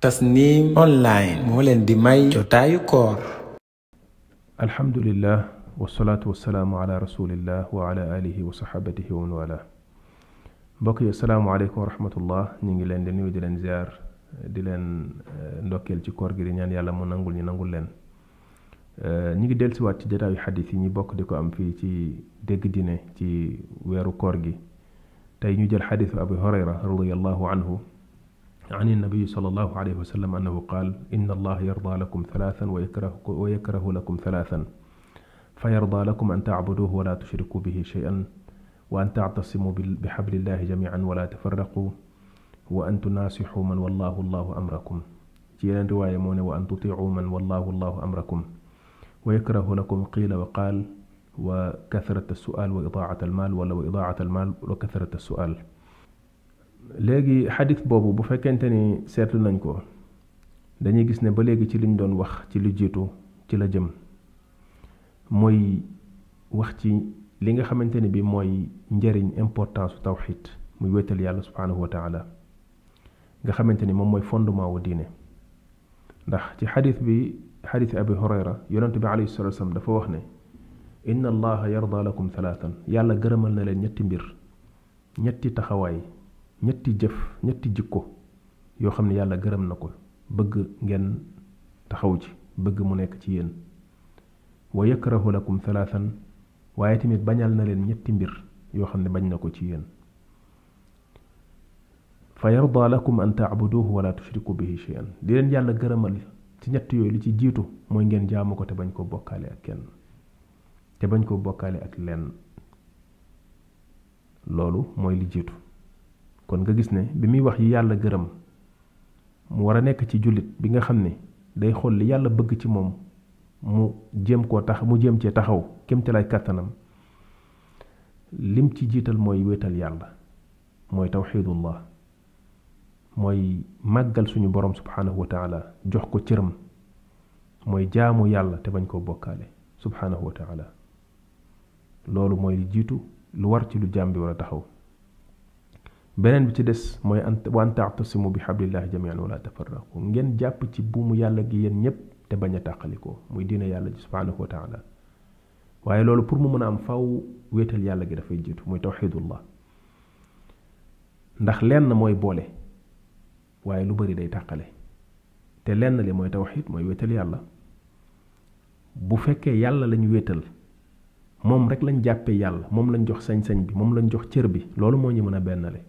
tasnim online moo leen di may jotaayu koor alhamdulillah wasalaatu wasalaamu ala rasulillah wa ala alihi wa saxaabatihi wa manwala mbokk yi asalaamu aleykum wa rahmatullah ñu ngi leen di nuyu di leen ziar di leen ndokkeel ci koor gi di ñaan yàlla mu nangul ñu nangul leen ñu ngi dellusiwaat ci jataayu xadis yi ñu bokk di ko am fii ci dégg dine ci weeru koor gi tey ñu jël xadisu abi hurayra radiallahu anhu عن النبي صلى الله عليه وسلم أنه قال إن الله يرضى لكم ثلاثا ويكره, ويكره لكم ثلاثا فيرضى لكم أن تعبدوه ولا تشركوا به شيئا وأن تعتصموا بحبل الله جميعا ولا تفرقوا وأن تناصحوا من والله الله أمركم جيلا رواية مونة وأن تطيعوا من والله الله أمركم ويكره لكم قيل وقال وكثرة السؤال وإضاعة المال ولا إضاعة المال وكثرة السؤال léegi xadis boobu bu fekkente ni seetlu nañ ko dañuy gis ne ba léegi ci liñ doon wax ci lu jiitu ci la jëm mooy wax ci li nga xamante ni bi mooy njariñ importance tawxid muy wéetal yàlla subhanahu wa taala nga xamante ni moom mooy fondement wu diine ndax ci xadis bi xadis abi hurayra yonent bi alayhi salatu wasallam dafa wax ne inna allaha yarda lakum thalathan yàlla gërëmal na leen ñetti mbir ñetti taxawaay ñetti jëf ñetti jikko yoo xam ne yàlla gërëm na ko bëgg ngeen taxaw ci bëgg mu nekk ci yéen wa yakrahu lakum thalathan waaye tamit bañal na leen ñetti mbir yoo xam ne bañ na ko ci yéen fa yarda bu an taabuduhu wala tushriku bihi shay'an di leen yàlla gërëmal ci ñett yooyu li ci jiitu mooy ngeen jaamu ko te bañ koo bokkaale ak kenn te bañ ko bokkaale ak lenn loolu mooy li jiitu kon nga gis ne bi muy wax yi yàlla gërëm mu war a nekk ci jullit bi nga xam ne day xool li yàlla bëgg ci moom mu jëm koo tax mu jëm cee taxaw ci kémtalaay kàttanam lim ci jiital mooy wéetal yàlla mooy tawxidullah mooy màggal suñu borom subhanahu wa taala jox ko cëram mooy jaamu yàlla te bañ koo bokkaale subhanahu wa taala loolu mooy li jiitu lu war ci lu jàmbi bi war a taxaw benen bi ci des moy wan ta'tasimu bi xablillahi jamian wala tafarraqu ngeen jàpp ci buumu yàlla gi yéen ñep te baña takaliko muy dina yàlla subhanahu wa taala waye lolu pour mu mën am faaw wétal yàlla gi fay jitu muy tawhidullah ndax lenn moy bolé waye lu bari day takalé te lenn li moy tawhid moy wétal yàlla bu fekke yàlla lañu wétal mom rek lañu jappé yàlla mom lañu jox sañ-sañ bi mom lañu jox cër bi lolu mo ñu mën bennale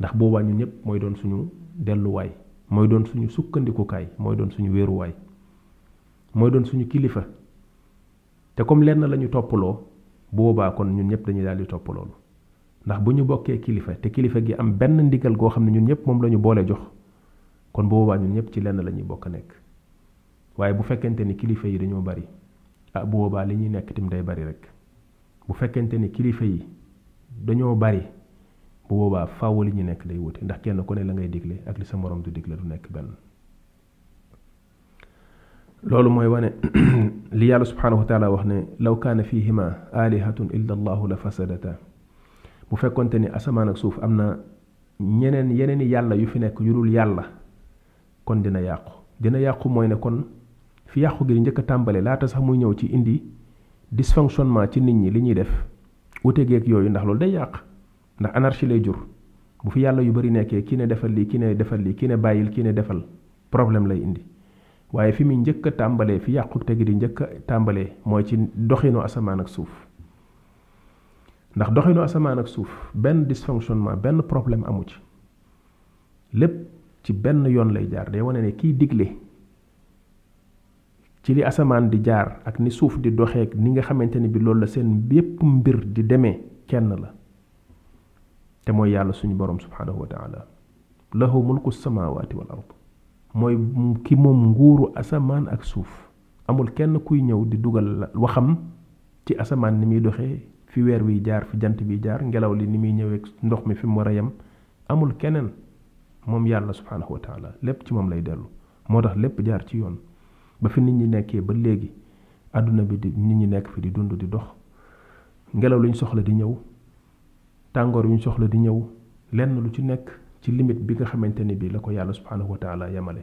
ndax boobaa ñun ñëpp mooy doon suñu delluwaay mooy doon suñu sukkandikukaay mooy doon suñu wéeruwaay mooy doon suñu kilifa te comme lenn lañu toppaloo boobaa kon ñun ñëpp dañuy daal di topp ndax bu ñu bokkee kilifa te kilifa gi am benn ndigal goo xam ne ñun ñëpp moom la boole jox kon boobaa ñun ñëpp ci lenn lañuy ñuy bokk nekk waaye bu fekkente ni kilifa yi dañoo bari ah boobaa li ñuy nekk tim day bari rek bu fekkente ni kilifa yi dañoo bari bu boobaa faaw li ñu nekk day wute ndax kenn ku ne la ngay digle ak li sa morom du digle du nekk benn loolu mooy wane li yàlla subhanahu wa taala wax ne law kaana fihima alihatun illa allahu la fasadata bu fekkonte ni asamaan ak suuf am na ñeneen yeneen yàlla yu fi nekk yu dul yàlla kon dina yàqu dina yàqu mooy ne kon fi yàqu gi njëkk a tàmbale laata sax muy ñëw ci indi dysfonctionnement ci nit ñi li ñuy def wute geeg yooyu ndax loolu day yàq ndax anarchie lay jur bu fi yàlla yu bari nekkee ki ne defal lii ki ne defal lii ki ne bàyyil ki ne defal problème lay indi waaye fi muy njëkk a tàmbalee fi yàqu tegi di njëkk a tàmbalee mooy ci doxinu asamaan ak suuf ndax doxinu asamaan ak suuf benn dysfonctionnement benn problème amu ci lépp ci benn yoon lay jaar day wane ne kiy digle ci li asamaan di jaar ak ni suuf di doxeek ni nga xamante ne bi loolu la seen bépp mbir di demee kenn la te mooy yàlla suñu borom subhanahu wa taala lahu mulku samawati wal ard mooy ki moom nguuru asamaan ak suuf amul kenn kuy ñëw di dugal waxam ci asamaan ni muy doxee fi weer wi jaar fi jant bi jaar ngelaw li ni muy ñëwee ndox mi fi mu war a yem amul keneen moom yàlla subhanahu wa taala lépp ci moom lay dellu moo tax lépp jaar ci yoon ba fi nit ñi nekkee ba léegi àdduna bi di nit ñi nekk fi di dund di dox ngelaw luñ soxla di ñëw tàngoor yuñ soxla di ñëw lenn lu ci nekk ci limite bi nga xamanteni bi la ko yàlla subhanahu wa taala yamale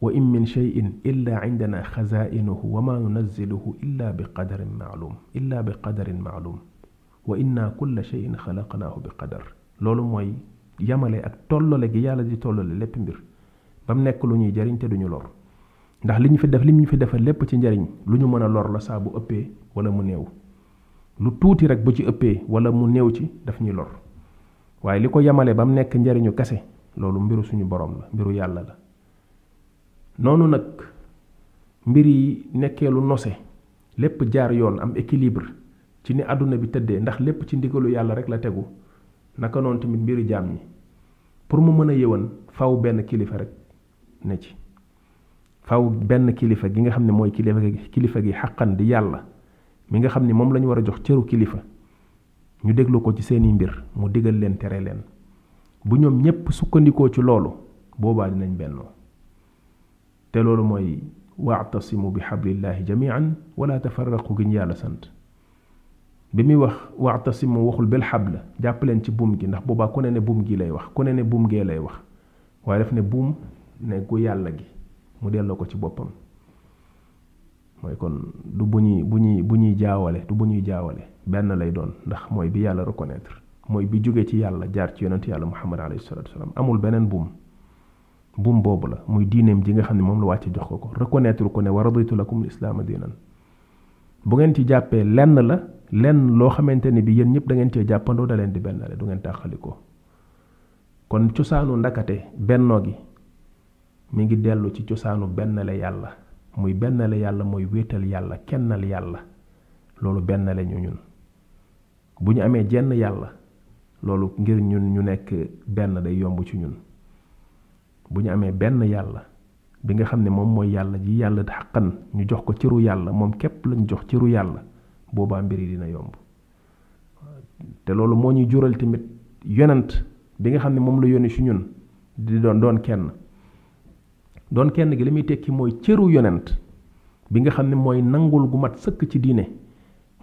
wa in min shay'in illa 'indana khaza'inuhu wa ma nunazziluhu illa bi qadarin ma'lum illa bi qadarin ma'lum wa inna kulla shay'in khalaqnahu bi qadar loolu mooy yamale ak tollale gi yàlla di tollale lépp mbir bam nekk lu ñuy jariñ te duñu lor ndax li ñu fi def li ñu fi defal lépp ci njariñ lu ñu mën a lor la saa bu ëppee wala mu néew lu tuuti rek bu ci ëppee wala mu néew ci daf ñu lor waaye li ko yemale ba mu nekk njariñu kese loolu mbiru suñu boroom la mbiru yàlla la noonu nag mbir yi nekkee lu nose lépp jaar yoon am équilibre ci ne àdduna bi tëddee ndax lépp ci ndigalu yàlla rek la tegu naka noonu tamit mbiru jaam ñi pour mu mën a yëwan faw benn kilifa rek ne ci faw benn kilifa gi nga xam ne mooy kilifa gi kilifa gi xaqan di yàlla mi nga xam ni moom lañu war a jox cëru kilifa ñu déglu ko ci seeni mbir mu digal leen tere leen bu ñoom ñépp sukkandikoo ci loolu boobaa dinañ bennoo te loolu mooy واعتصموا بحبل الله جميعا ولا تفرقوا غن sant bi mi wax واعتصموا waxul bel habla japp leen ci bum gi ndax boba ku ne ne bum gi lay wax ku ne ne bum ge lay wax waye daf ne bum ne ku yalla gi mu delo ko ci bopam mooy kon du bu ñuy bu ñuy bu ñuy jaawale du bu ñuy jaawale benn lay doon ndax mooy bi yàlla reconnaître mooy bi jóge ci yàlla jaar ci yonent yàlla muhammad alayhi salatu wasalam amul beneen buum buum boobu la muy diineem ji nga xam ne moom la wàcce jox ko ko reconnaître ko ne wa raditu lakum lislaama diinan bu ngeen ci jàppee lenn la lenn loo xamante ni bi yéen ñëpp dangeen cee jàppandoo da leen di bennale du ngeen tàqalikoo kon cosaanu ndakate bennoo gi mi ngi dellu ci cosaanu bennale yàlla muy bennale yàlla mooy wéetal yàlla kennal yàlla loolu bennale ñu ñun bu ñu amee jenn yàlla loolu ngir ñun ñu nekk benn day yomb ci ñun bu ñu amee benn yàlla bi nga xam ne moom mooy yàlla ji yàlla xaqan ñu jox ko ciru yàlla moom képp lañu jox ciru yàlla boobaa mbir yi dina yomb te loolu moo ñuy jural tamit yonent bi nga xam ne moom la yónni ci ñun di doon doon kenn doon kenn gi li muy tekki mooy cëru yonent bi nga xam ne mooy nangul gu mat sëkk ci diine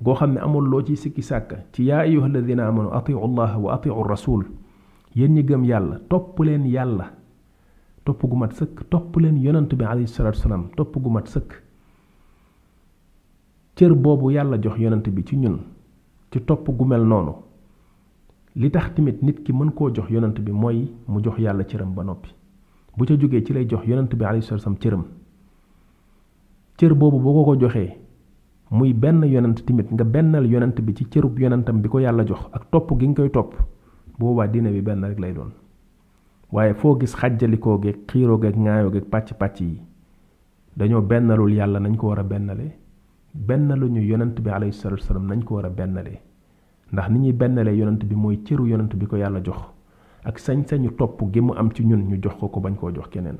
goo xam ne amul loo ci sikki sàkka ci yaa ayuha alladina amanu atiu allah wa atiu rasul yéen ñi gëm yàlla topp leen yàlla topp gu mat sëkk topp leen yonent bi alayhi salatu wasalaam topp gu mat sëkk cër boobu yàlla jox yonent bi ci ñun ci topp gu mel noonu li tax tamit nit ki mën koo jox yonent bi mooy mu jox yàlla cëram ba noppi bu ca jógee ci lay jox yonent bi alayhi salaam cëram cër boobu boo ko ko joxee muy benn yonent tamit nga bennal yonent bi ci cërub yonentam bi ko yàlla jox ak topp gi nga koy topp boobaa diine bi benn rek lay doon waaye foo gis xàjjalikoo geeg xiiroo geeg ŋaayoo geeg pàcc pàcc yi dañoo bennalul yàlla nañ ko war a bennale bennaluñu yonent bi alayhi salaam nañ ko war a bennale ndax ni ñuy bennale yonent bi mooy cëru yonent bi ko yàlla jox ak sañ-sañu topp gi mu am ci ñun ñu jox ko ko bañ koo jox keneen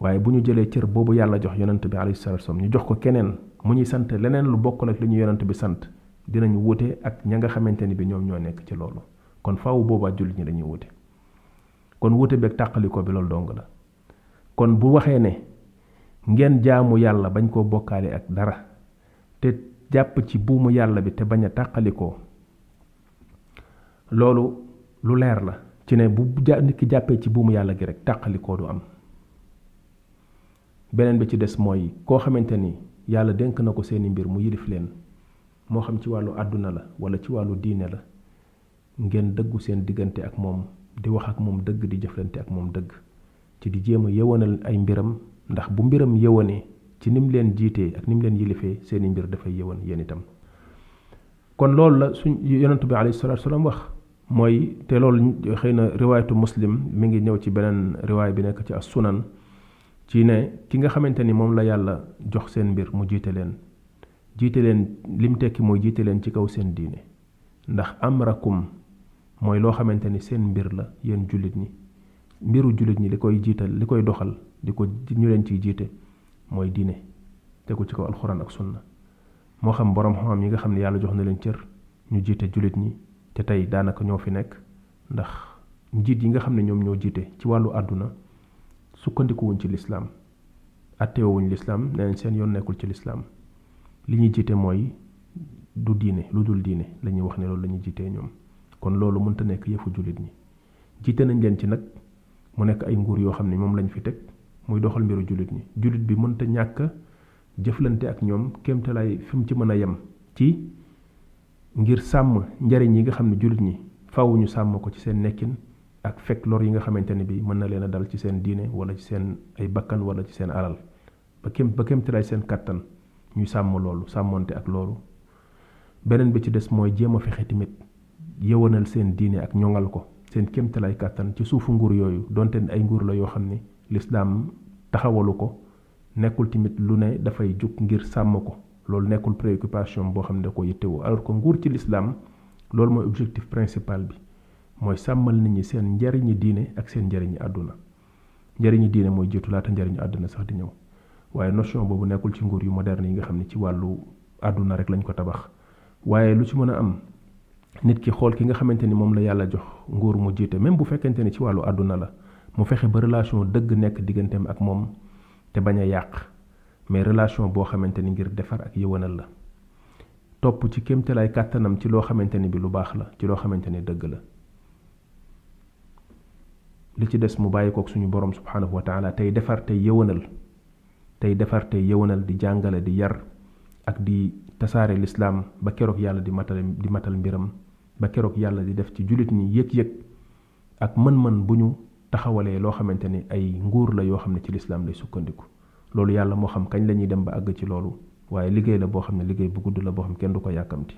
waaye bu ñu jëlee cër boobu yàlla jox yonent bi alayhi salatu ñu jox ko keneen mu ñuy sant leneen lu bokkul ak li ñu yonent bi sant dinañu wute ak ña nga xamante ni bi ñoom ñoo nekk ci loolu kon fawu boobaa jullit ñu dañuy wute kon wute beeg tàqaliko bi loolu dong la kon bu waxee ne ngeen jaamu yàlla bañ koo bokkaale ak dara te jàpp ci buumu yàlla bi te bañ a tàqalikoo loolu lu leer la ci ne bu nit ki jàppee ci buumu yàlla gi rek koo du am beneen bi ci des mooy koo xamante ni yàlla dénk na ko seeni mbir mu yilif leen moo xam ci wàllu àdduna la wala ci wàllu diine la ngeen dëggu seen diggante ak moom di wax ak moom dëgg di jëflante ak moom dëgg ci di jéem a yëwanal ay mbiram ndax bu mbiram yewanee ci nim leen jiitee ak nim leen yilifee seeni mbir dafay yëwan yéen itam kon loolu la suñ yonantu bi alayhi salaatu salaam wax mooy te loolu xëy na riwaayatu muslim mi ngi ñëw ci beneen riwaay bi nekk ci as sunan ci ne ki nga xamante ni moom la yàlla jox seen mbir mu jiite leen jiite leen lim tekki mooy jiite leen ci kaw seen diine ndax amrakum mooy loo xamante ni seen mbir la yéen jullit ñi mbiru jullit ñi li koy jiital li koy doxal di ko ñu leen ci jiite mooy diine tegu ci kaw alxuraan ak sunna moo xam boroom xam yi nga xam ne yàlla jox na leen cër ñu jiite jullit ñi te tey daanaka ñoo fi nekk ndax njiit yi nga xam ne ñoom ñoo jiite ci wàllu àdduna sukkandikuwuñ ci lislaam attewuñ lislaam nee nañ seen yoon nekkul ci lislaam li ñuy jiite mooy du diine lu dul diine lañuy wax ne loolu la ñuy jiitee ñoom kon loolu mënta nekk yëfu jullit ñi jiite nañ leen ci nag mu nekk ay nguur yoo xam ne moom lañu fi teg muy doxal mbiru jullit ñi jullit bi mënta ñàkk jëflante ak ñoom kéemtalaay fi ci mën a yem ci ngir sàmm njariñ yi nga xam ne julit ñi faaw ñu sàmm ko ci seen nekkin ak fekk lor yi nga xamante ne bi mën na leen a dal ci seen diine wala ci seen ay bakkan wala ci seen alal ba kem ba kem tiray seen kattan ñu sàmm loolu sàmmonte ak loolu beneen bi ci des mooy jéem a fexe tamit yewanal seen diine ak ñongal ko seen kemtalay kattan ci suufu nguur yooyu donte ay nguur la yoo xam ne lislaam taxawalu ko nekkul lu ne dafay jug ngir sàmm ko loolu nekkul préoccupation boo xam ne da ko yittewoo alors ko nguur ci lislaam loolu mooy objectif principal bi mooy sàmmal nit ñi seen njariñi diine ak seen njariñi àdduna njariñi diine mooy jiitu laata njariñu àdduna sax di ñëw waaye notion boobu nekkul ci nguur yu moderne yi nga xam ne ci wàllu àdduna rek lañ ko tabax waaye lu ci mën a am nit ki xool ki nga xamante ni moom la yàlla jox nguur mu jiite même bu fekkente ni ci wàllu àdduna la mu fexe ba relation dëgg nekk digganteem ak moom te bañ a yàq mais relation boo xamante ni ngir defar ak yëwanal la topp ci kémtalaay kàttanam ci loo xamante ni bi lu baax la ci loo xamante ni dëgg la li ci des mu bàyyi koog suñu borom subhanahu wa taala tey defar tey yëwanal tey defar tey yëwanal di jàngale di yar ak di tasaare lislaam ba keroog yàlla di matal di matal mbiram ba keroog yàlla di def ci julit ñi yëg-yëg ak mën-mën bu ñu taxawalee loo xamante ni ay nguur la yoo xam ne ci lislaam lay sukkandiku loolu yàlla moo xam kañ lañuy dem ba àgg ci loolu waaye liggéey la boo xam ne liggéey bu gudd la boo xam kenn du ko yàkkamti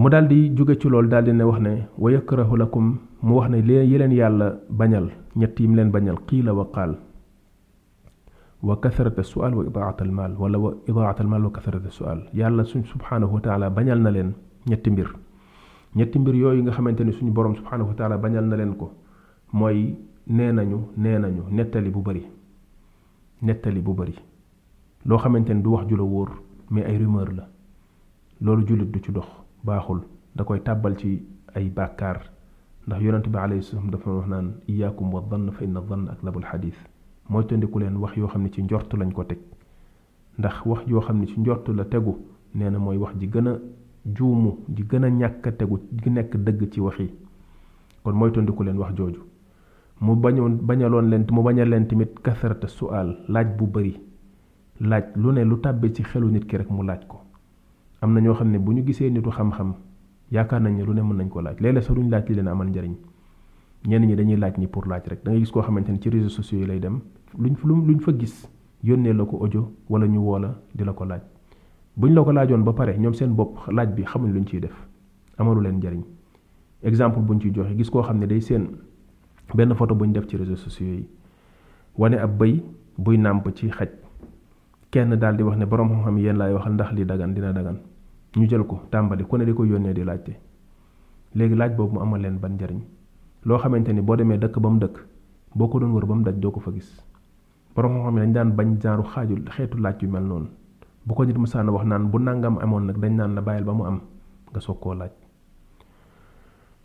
mu daldi jóge ci loolu daldi ne wax ne wa yakrahu lakum mu wax ne leen yi yàlla bañal ñett yim leen bañal qiila wa qaal wa kathrata sual wa idaata almal wala wa idaata almal wa kathrata sual yàlla suñ subhanahu wa taala bañal na leen ñetti mbir ñetti mbir yooyu nga xamante ni suñu borom subhanahu wa taala bañal na leen ko mooy nee nañu nee nañu nettali bu bari nettali bu bari loo xamante du wax ju la wóor mais ay rumeur la loolu julit du ci dox baaxul da koy tàbbal ci ay bàkkaar ndax yonente bi alayhi salaam dafa wax naan iyaakum wa dhann fa inna dhann aklabul xadis mooy tandiku leen wax yoo xam ne ci njort lañ ko teg ndax wax yoo xam ne ci njort la tegu nee na mooy wax ji gën a juumu ji gën a ñàkk tegu gi nekk dëgg ci wax yi kon moytandiku leen wax jooju mu bañoon bañaloon leen mu bañal leen tamit kasarata su'aal laaj bu bari laaj lu ne lu tàbbee ci xelu nit ki rek mu laaj ko am na ñoo xam ne bu ñu gisee nitu xam-xam yaakaar nañ ne lu ne mën nañ ko laaj léeg-léeg sax duñ laaj li leen amal njariñ ñenn ñi dañuy laaj ni pour laaj rek da ngay gis koo xamante ne ci réseaux sociaux yi lay dem lu ñu fa gis yónnee la ko ojo wala ñu woola di la ko laaj buñ la ko laajoon ba pare ñoom seen bopp laaj bi xamuñ luñ ciy def amalu leen exemple buñ ciy joxe gis koo xam ne day seen. benn photo bu ñu def ci réseau sociaux yi wane ab bëy buy nàmp ci xaj kenn daal di wax ne borom xam-xam yéen laay waxal ndax li dagan dina dagan ñu jël ko tàmbali ku ne di ko yónnee di laajte léegi laaj boobu mu amal leen ban njariñ loo xamante ni boo demee dëkk ba mu dëkk boo ko doon wër ba mu daj doo ko fa gis borom xam-xam yi dañ daan bañ jaaru xaaju xeetu laaj yu mel noonu bu ko nit mësaan wax naan bu nangam amoon nag dañ naan la bàyyil ba mu am nga soog koo laaj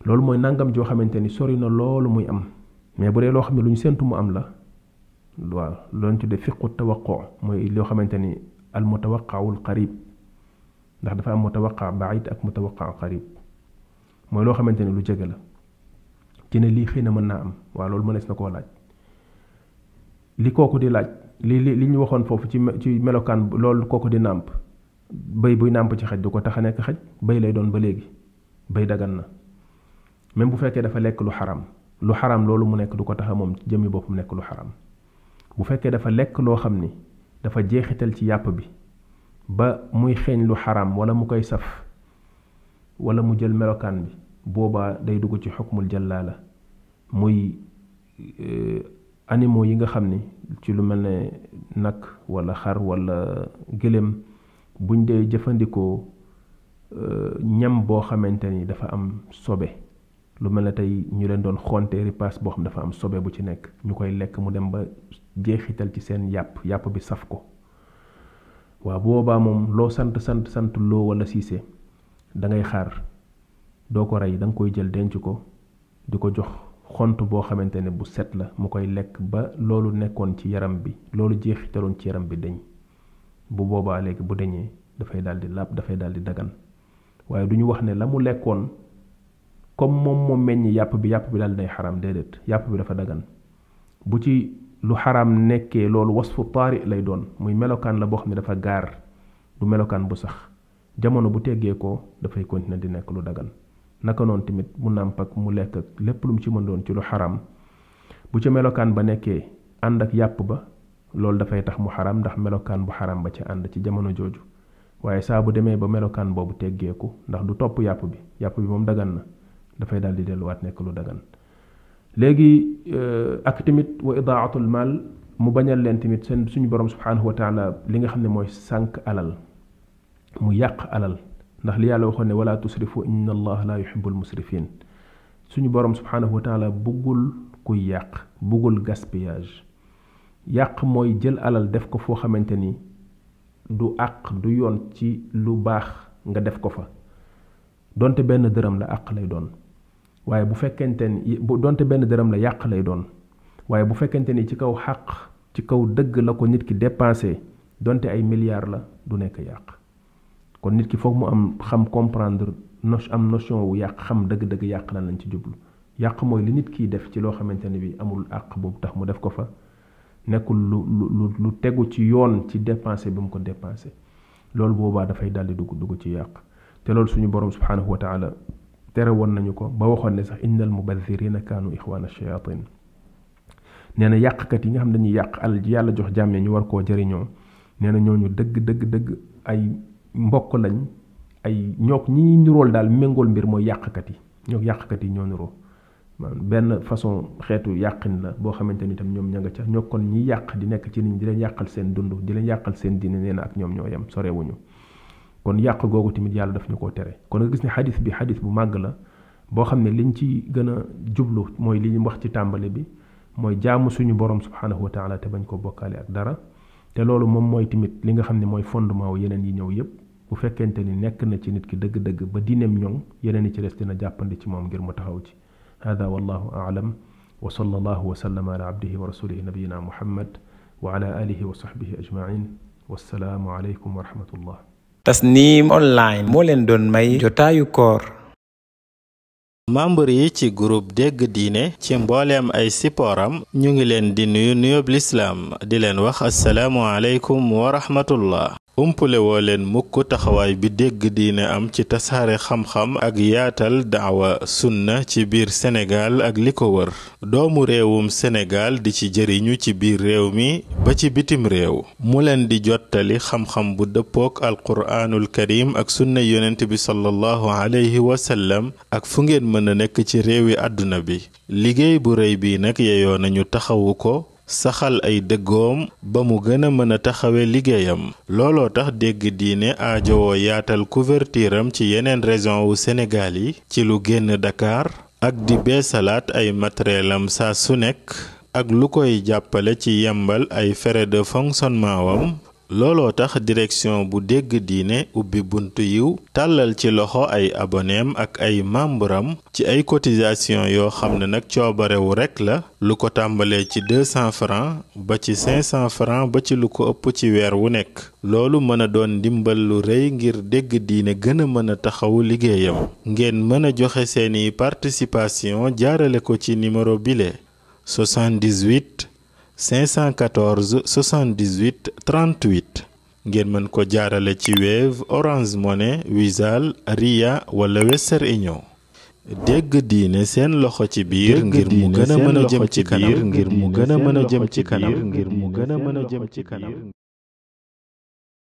loolu mooy nangam joo xamante ni sori na loolu muy am. mais bu dee loo xam ne lu ñu séntu mu am la waaw loolu tudde fiqu tawaqo mooy loo xamante ni al mutawaqaawul qarib ndax dafa am mutawaqa baid ak mutawaqa qarib mooy loo xamante ni lu jege la ci ne lii xëy na mën naa am waaw loolu mënees na koo laaj li kooku di laaj li li li ñu waxoon foofu ci ci melokaan loolu kooku di nàmp bay buy nàmp ci xaj du ko tax a nekk xaj bay lay doon ba léegi bay dagan na même bu fekkee dafa lekk lu xaram lu haram loolu mu nekk du ko taxa moom jëmi boppam nekk lu haram bu fekkee dafa lekk loo xam ni dafa jeexital ci yàpp bi ba muy xeeñ lu haram wala mu koy saf wala mu jël melokaan bi boobaa day dugg ci xukmul jàllaa muy animaux yi nga xam ni ci lu mel ne nag wala xar wala gëlem buñ dee jëfandikoo ñam boo xamante ni dafa am sobe lu mel ne tey ñu leen doon xonte ripaas boo xam dafa am sobe bu ci nekk ñu koy lekk mu dem ba jeexital ci seen yàpp yàpp bi saf ko waaw boobaa moom loo sant sant sant loo wala siise da ngay xaar doo ko rey da koy jël denc ko di ko jox xont boo xamante ne bu set la mu koy lekk ba loolu nekkoon ci yaram bi loolu jeexitaloon ci yaram bi deñ bu boobaa léegi bu deñee dafay daldi làpp dafay daldi dagan waaye du ñu wax ne la mu lekkoon comme moom moo meññ yàpp bi yàpp bi dal day xaram déedéet yàpp bi dafa dagan bu ci lu xaram nekkee loolu wasfu taari lay doon muy melokaan la boo xam ne dafa gaar du melokaan bu sax jamono bu teggee ko dafay continuer di nekk lu dagan naka noonu tamit mu nàmp mu lekk ak lépp lu mu ci mën doon ci lu xaram bu ci melokaan ba nekkee ànd ak yàpp ba loolu dafay tax mu xaram ndax melokaan bu xaram ba ci ànd ci jamono jooju waaye saa bu demee ba melokaan boobu teggeeku ndax du topp yàpp bi yàpp bi moom dagan na da fay daal di wat nek lu dagan legi ak timit wa idaatul mal mu bañal len timit sen suñu borom subhanahu wa taala li nga xamne moy sank alal mu yàq alal ndax li yàlla waxone wala tusrifu inna allaha la yuhibbul musrifin suñu borom subhanahu wa taala bugul ku yàq bugul gaspillage yàq moy jël alal def ko fo xamanteni du àq du yon ci lu bax nga def ko fa donte benn dërëm la àq lay doon waaye bu fekkente ni bu donte benn dërëm la yàq lay doon waaye bu fekkente ni ci kaw xàq ci kaw dëgg la ko nit ki dépensé donte ay milliards la du nekk yàq kon nit ki foog mu am xam comprendre no am notion wu yàq xam dëgg-dëgg yàq lan lañ ci jublu yàq mooy li nit kiy def ci loo xamante ne bi amul àq boobu tax mu def ko fa nekkul lu lu lu tegu ci yoon ci dépensé bi mu ko dépensé loolu boobaa dafay daldi dugg dugg ci yàq te loolu suñu boroom subhanahu tere woon nañu ko ba waxoon ne sax innal mubathirina kaanu ixwaana shayatin nee na yàqkat yi nga xam dañuy yàq al ji yàlla jox jàmmee ñu war koo jëriñoo nee na ñooñu dëgg dëgg dëgg ay mbokk lañ ay ñook ñi ñurool daal méngool mbir mooy yàqkat yi ñook yàqkat yi ñoo nuroo benn façon xeetu yàqin la boo xamante ni tam ñoom ña nga ca ñoo kon ñi yàq di nekk ci niñ di leen yàqal seen dund di leen yàqal seen diine nee na ak ñoom ñoo yem sorewuñu kon yàq googu tamit yàlla daf ñu koo tere kon nga gis ne xadis bi xadis bu màgg la boo xam ne liñ ci gën a jublu mooy li ñu wax ci tàmbale bi mooy jaamu suñu borom subhanahu wa taala te bañ ko bokkaale ak dara te loolu moom mooy tamit li nga xam ne mooy fondement wu yeneen yi ñëw yépp bu fekkente ni nekk na ci nit ki dëgg-dëgg ba dinem ñoŋ yeneen yi ci des dina jàppandi ci moom ngir mu taxaw ci هذا والله أعلم وصلى الله وسلم على عبده ورسوله نبينا محمد وعلى آله وصحبه أجمعين والسلام عليكم ورحمة الله Tasnim online moo leen doon may jotaayu koor membre yi ci groupe dégg diine ci mbooleem ay sipooram ñu ngi leen di nuyu nuyoob lislaam di leen wax asalaamu aleykum wa rahmatullah umpule leen mukk taxawaay bi dégg diine am ci tasaare xam-xam ak yaatal daawa sunna ci biir Sénégal ak li ko wër doomu réewum Sénégal di ci jëriñu ci biir réew mi ba ci bitim réew mu leen di jottali xam-xam bu dëppook alquraanul karim ak sunna yonent bi sallallahu alayhi wa ak fu ngeen mën a nekk ci réewi àdduna bi liggéey bu rëy bii nag yeyoo nañu taxawu ko saxal ay dëggoom ba mu gën a mën a taxawe liggéeyam looloo tax dégg diine aajowoo yaatal couverture am ci yeneen région wu Sénégal yi ci lu génn Dakar ak di beesalaat ay matériel am saa su nekk ak lu koy jàppale ci yembal ay frais de fonctionnement wam looloo tax direction bu dégg diine ubbi buntu yiw tàllal ci loxo ay aboneem ak ay membram ci ay cotisation yoo xam ne nag coobarewu rekk la lu ko tàmbalee ci 200 francs ba ci 500 francs ba ci lu ko ëpp ci weer wu nekk loolu mën a doon ndimbal lu rëy ngir dégg diine gën a mën a taxawu liggéeyam ngeen mën a joxe seeni participation jaarale ko ci numéro bile 78 514 78 38 ngeen mën ko jaarale ci Wave Orange Money Wizall Ria wala Western Union. dégg diine seen loxo ci biir ngir mu gën a mën a jëm ci kanam ngir mu gën a mën a jëm ci kanam ngir mu gën a mën a jëm ci kanam.